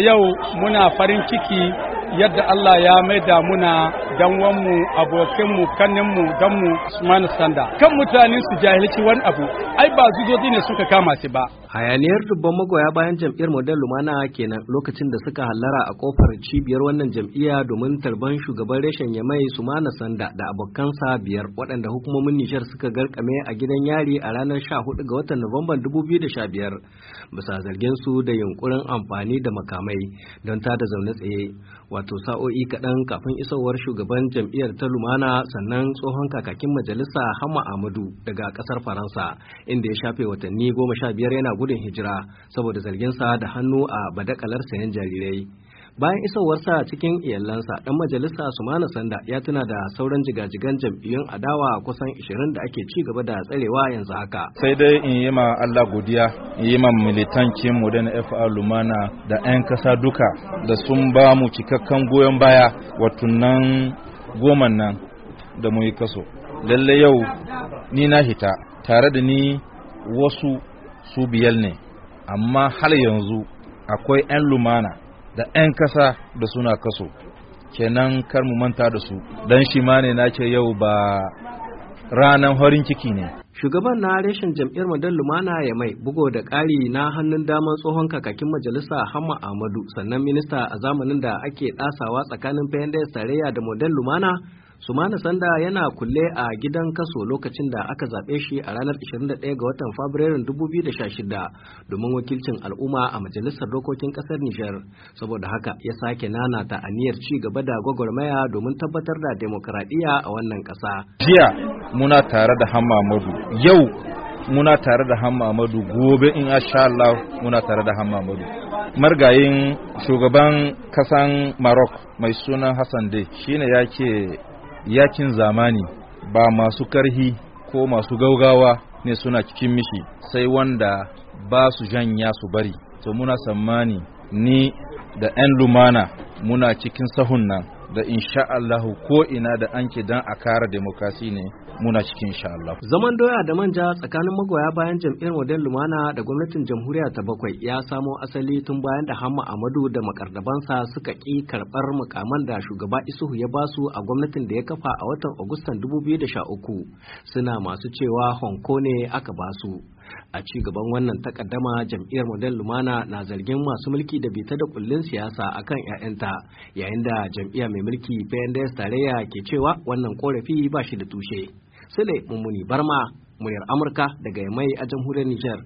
yau muna farin ciki yadda Allah ya maida muna wanmu abokinmu kanninmu danmu Usman Sanda kan mutane su jahilci wani abu ai ba zuzozi ne suka kama shi ba hayaniyar dubban magoya bayan jam'iyyar model lumana kenan lokacin da suka hallara a kofar cibiyar wannan jam'iyya domin tarban shugaban reshen yamai sumana sanda da abokansa biyar waɗanda hukumomin nijar suka garkame a gidan yari a ranar 14 ga watan nuwamban 2015 bisa zargin su da yunkurin amfani da makamai don tada zaune tsaye wato sa'o'i kaɗan kafin isowar shugaban jam'iyyar ta lumana sannan tsohon kakakin majalisa hama amadu daga ƙasar faransa inda ya shafe watanni goma sha biyar yana gudun hijira saboda zarginsa da hannu a badakalar sayan jarirai bayan isowarsa cikin iyalansa dan majalisa sumana sanda ya tuna da sauran jigajigan jam'iyyun adawa kusan 20 da ake ci gaba da tsarewa yanzu haka sai dai in yi ma Allah godiya in yi ma militancin mu da na FA Lumana da 'yan kasa duka da sun ba mu cikakken goyon baya watunan goman nan da mu yi kaso lalle yau ni na hita tare da ni wasu su biyar ne amma har yanzu akwai 'yan lumana da 'yan kasa da suna kaso kenan kar mu manta da su dan shi ma ne nace yau ba ranan horin ciki ne shugaban na reshen jam'iyyar madan lumana ya mai bugo da ƙari na hannun damar tsohon kakakin majalisa hama ahmadu sannan minista a zamanin da ake ɗasawa tsakanin pnds tarayya da model lumana Sumana Sanda yana kulle a gidan kaso lokacin da aka zaɓe shi a ranar 21 ga watan Fabrairu 2016 domin wakilcin al'umma a Majalisar Dokokin Ƙasar Nijar. Saboda haka ya sake nanata aniyar ci gaba da gwagwarmaya domin tabbatar da demokaradiyya a wannan ƙasa. Jiya muna tare da Hamma yau muna tare da Hamma gobe in sha Allah muna tare da Hamma margayin shugaban kasan Maroc mai sunan Hassan shi shine ya ke. yakin zamani ba masu karhi ko masu gaugawa ne suna cikin mishi sai wanda ba su janya su bari to muna tsammani ni da 'yan lumana muna cikin sahun nan da insha Allah ko ina da anke dan a kara demokrasi ne muna cikin insha Allah. Zaman doya da manja tsakanin magoya bayan jam'iyyar Model Lumana da gwamnatin jamhuriya ta bakwai ya samo asali tun bayan da Hamma Ahmadu da makardabansa suka ki karɓar mukaman da shugaba Isuhu ya basu a gwamnatin da ya kafa a watan Agustan 2013 suna masu cewa Hong Kong ne aka basu. a ci gaban wannan takaddama jam'iyyar model lumana na zargin masu mulki da bita da kullun siyasa akan 'ya'yanta yayin da jam'iyya mai mulki pnds tarayya ke cewa wannan korafi ba shi da tushe sule mummuni barma muryar amurka daga mai a jamhuriyar niger